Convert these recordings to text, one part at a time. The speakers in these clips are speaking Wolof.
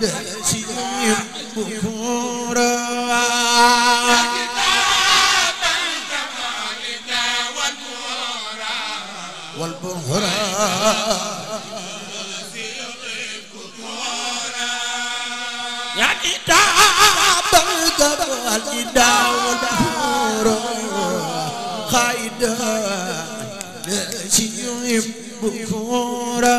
دسيم بكورا والبهران الجداول نور خايدا لا شيء بفورا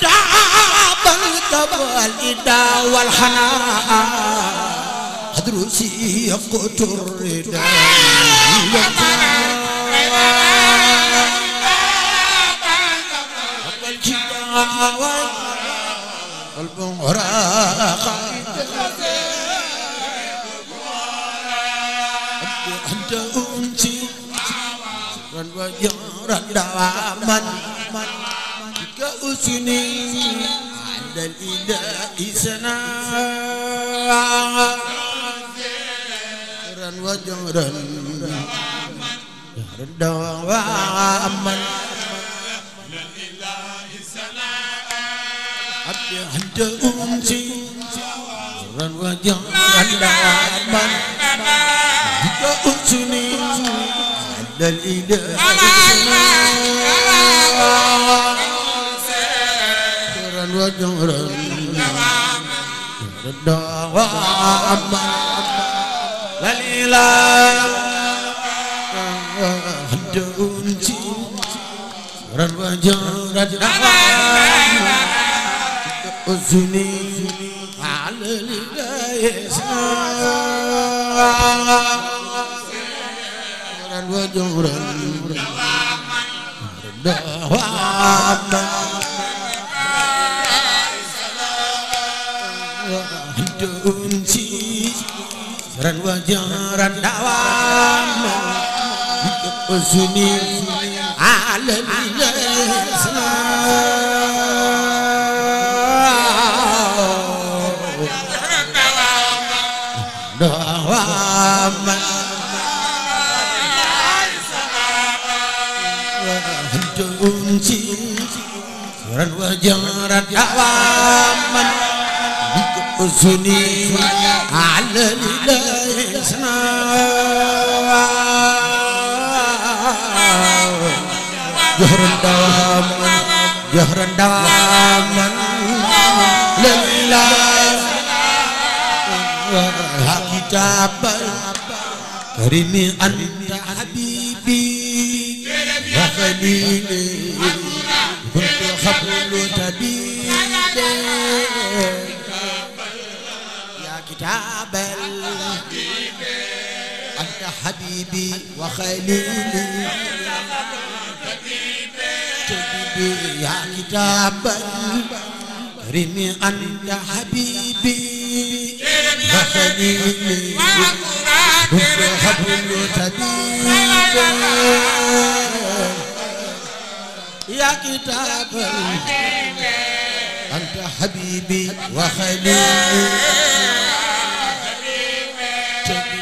تعب القبل الإداء والحناء أدرسي يقتل الرداء المغرق أنت أنت ويرى دواما كأسني عند الإله سنا جرا وجرا جرا دواما أنت أمسي جرا وجرا دواما كأسني عند الإله سنا لا إله إلا أنت رب جرد أزني على الإله وجورا دوام ran wa jaran dawam usuni alamin dawam ran wa jaran dawam حزني على الإسلام جهر الدوام جهر الدوام لله كتاب كريم أنت حبيبي يا خليلي كنت خبل تبيبي يا بل أنت حبيبي وخليلي تبيبي يا كتاب رمي أنت حبيبي وخليلي كنت حبل تبيبي يا كتاب أنت حبيبي وخليلي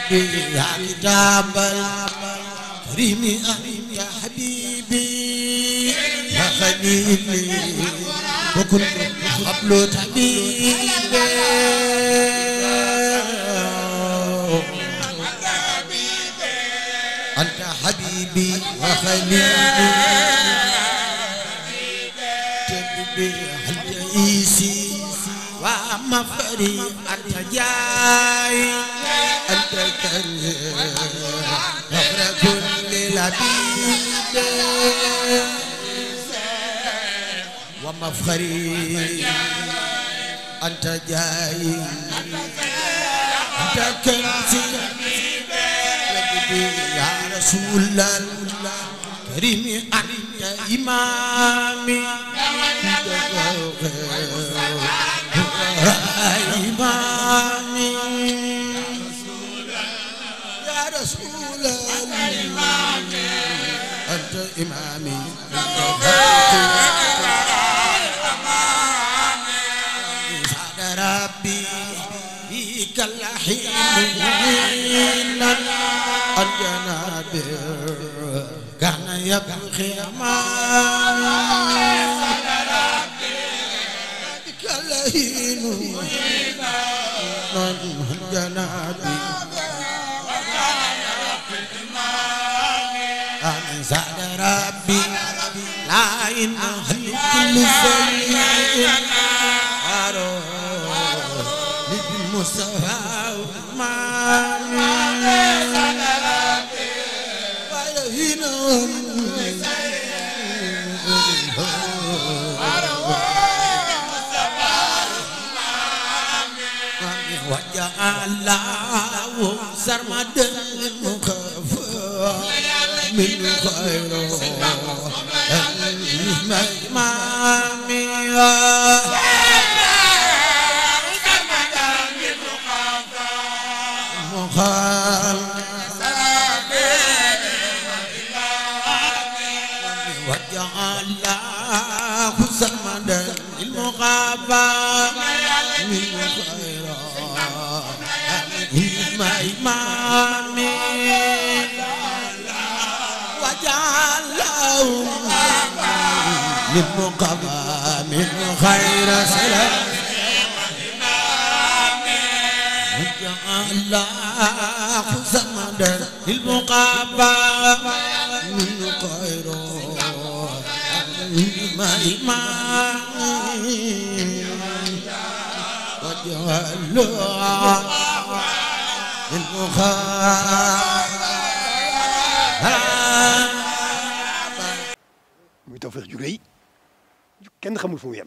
حبيبي يا كتاب الكريم أنت حبيبي يا خليلي وكنت قبل طبيبي أنت حبيبي وخليلي ومفري أنت جاي أنت كريم غفر كل لبيد ومفخري أنت جاي أنت كنزي يا رسول الله كريم أنت إمامي ربي بك الحين أجنا كان يبخي ما الحين أجنا أنزل ربي لا إله إلا هو من خير ما ما xaal وجعله سمدا للمغابة من خيرهم إمامي وجعله للمغابة الله زمدا للمقابا من قيرو ما إيمان وجعل المخابا muy Tawfekh jugee yi kenn xamul fu mu yem